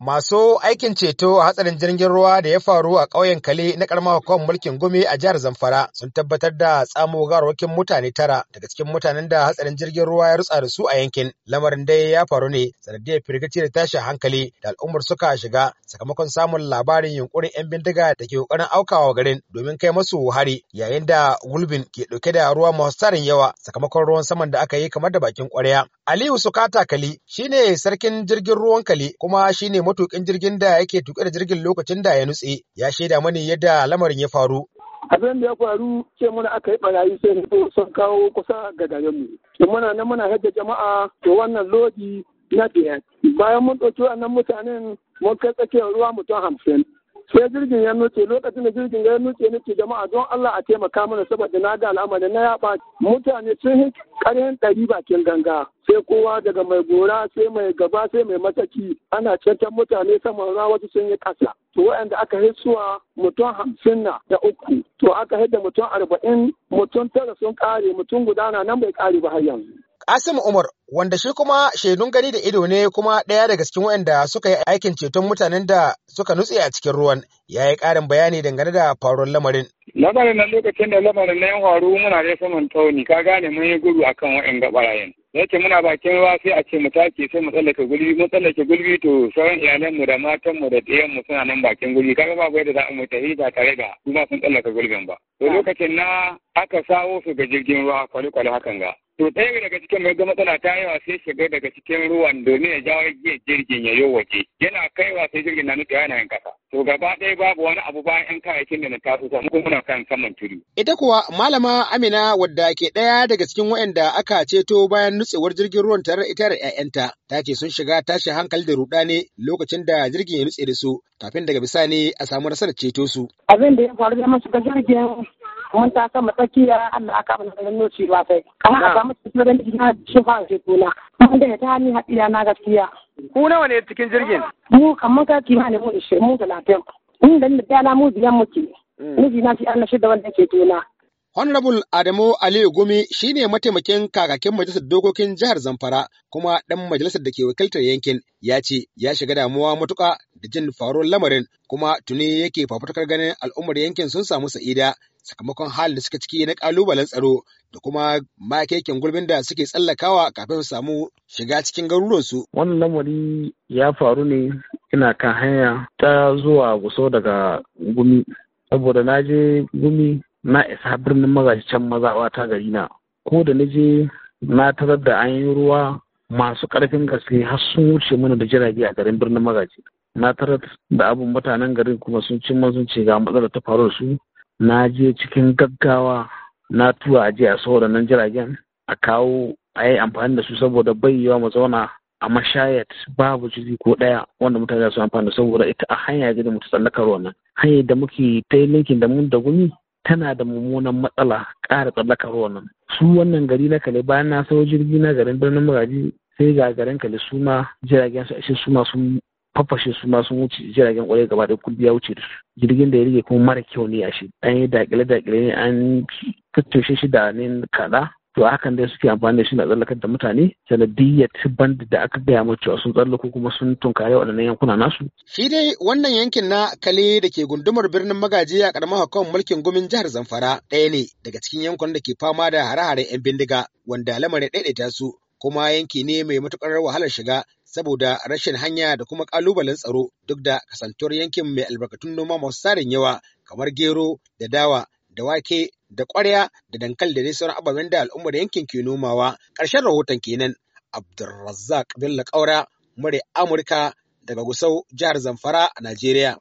Masu aikin ceto a hatsarin jirgin ruwa da ya faru a ƙauyen Kale na ƙaramar hukumar mulkin Gumi a jihar Zamfara sun tabbatar da tsamo garwakin mutane tara daga cikin mutanen da hatsarin jirgin ruwa ya rutsa da su a yankin. Lamarin dai ya faru ne sanadiyar firgici da tashin hankali da al'ummar suka shiga sakamakon samun labarin yunkurin 'yan bindiga da ke ƙoƙarin aukawa garin domin kai masu hari yayin da gulbin ke ɗauke da ruwa masu tarin yawa sakamakon ruwan saman da aka yi kamar da bakin ƙwarya. Aliyu Sukata Kali shine sarkin jirgin ruwan Kali kuma shine matukin jirgin da yake tuƙe da jirgin lokacin da ya nutse ya shaida mani yadda lamarin ya faru. Abin da ya faru ce mana aka yi barayi sai na sun kawo kusa ga garinmu. Da muna nan muna hajjar jama'a to wannan lodi na biyar. Bayan mun ɗauki wannan mutanen mun kai tsakiyar ruwa mutum hamsin. sai jirgin ya nuce lokacin da jirgin ya nuce nake jama'a don Allah a taimaka mana saboda na ga al'amarin na yaba mutane sun yi ƙaryan ɗari bakin ganga sai kowa daga mai gora sai mai gaba sai mai mataki ana cancan mutane saman ruwa wasu sun yi ƙasa to waɗanda aka hissuwa mutum hamsin na da uku to aka hidda mutum arba'in mutum tara sun ƙare mutum guda na nan bai ƙare ba har yanzu Asim Umar wanda shi kuma shaidun gani da ido ne kuma ɗaya daga cikin waɗanda suka yi aikin ceton mutanen da suka nutse a cikin ruwan ya yi ƙarin bayani dangane da faruwar lamarin. Lamarin na lokacin da lamarin na yan faru muna da saman tauni ka gane mun yi gudu akan waɗanda gaɓarayen. Yake muna bakin ruwa sai a ce mu take sai mu tsallake gulbi mu tsallake gulbi to sauran iyalanmu da matanmu da ɗiyanmu suna nan bakin gulbi kaga bai yadda za mu tafi ba tare da su sun tsallaka gulbin ba. To ah. lokacin na aka sawo su ga jirgin ruwa kwale-kwale hakan ga. To ɗaya daga cikin mai matsala ta yawa sai shiga daga cikin ruwan domin ya jawo giya jirgin ya yi waje. Yana kaiwa sai jirgin na nutsewa yana yin kasa. To gaba ɗaya babu wani abu bayan ‘yan kayayyakin da na taso sa kuma muna kan saman tudu. Ita kuwa malama Amina wadda ke ɗaya daga cikin waɗanda aka ceto bayan nutsewar jirgin ruwan tare ita da ‘ya'yanta. Ta ce sun shiga tashin hankali da ruɗani lokacin da jirgin ya nutse da su kafin daga bisani a samu nasarar ceto su. Abin da ya faru da masu jirgin mun ta sama tsakiya Allah aka mun ganin noci ba sai kamar a samu cikin ina shi fa ce kula mun da ta ni hadiya na gaskiya ku nawa ne cikin jirgin mu kamar ka kimanin mu 20 mu 30 mun da ni da na mu biyan muke mm. miji na shi Allah shi da wanda ke tona Honorable Adamu Aliyu Gumi shi ne mataimakin kakakin majalisar dokokin jihar Zamfara kuma ɗan majalisar da ke wakiltar yankin ya ce ya shiga damuwa matuƙa da jin faruwar lamarin kuma tuni yake fafutukar ganin al'ummar yankin sun samu sa'ida sakamakon halin da suka ciki na ƙalubalen tsaro da kuma makekin gulbin da suke tsallakawa kafin su samu shiga cikin garuruwansu. Wannan lamari ya faru ne ina kan hanya ta zuwa guso daga gumi saboda na je gumi na isa birnin magaji can maza wata gari na ko da naje je na tarar da an yi ruwa masu karfin gaske har sun wuce mana da jirage a garin birnin magaji na tarar da abin mutanen garin kuma sun cin mazun ce ga matsalar ta faru su na je cikin gaggawa na tura a a saboda nan jiragen a kawo a yi amfani da su saboda bai wa mu zauna a mashayat babu jiri ko ɗaya wanda mutane su amfani saboda ita a hanya da mu tsallakar wannan hanyar da muke ta yi linkin da mun da gumi tana da mummunan matsala ƙara tsallaka ruwan nan su wannan gari na kale bayan na sau jirgi na garin birnin magaji sai ga garin kale su ma jiragen su ashe su ma sun fafashe su ma sun wuce jiragen kwarai gaba ɗaya ya wuce da su jirgin da ya rige kuma mara kyau ne ashe an yi dakile dakile ne an tattoshe shi da ne kaɗa to hakan dai suke amfani da shi na tsallakar da mutane sanadiyyar band da aka gaya mu cewa sun tsallako kuma sun tunkare waɗannan yankuna nasu. Shi dai wannan yankin na Kale da ke gundumar birnin Magaji a ƙaramar hukumar mulkin gumin jihar Zamfara ɗaya ne daga cikin yankunan da ke fama da hare hare 'yan bindiga wanda lamarin ɗaiɗaita su kuma yanki ne mai matuƙar wahalar shiga saboda rashin hanya da kuma ƙalubalen tsaro duk da kasantuwar yankin mai albarkatun noma masu sarin yawa kamar gero da dawa da wake da ƙwarya da dankali da dai sauran ababen da al'ummar yankin ke nomawa ƙarshen rahoton kenan abdulrazzaq bello ƙaura murya amurka daga gusau jihar zamfara a najeriya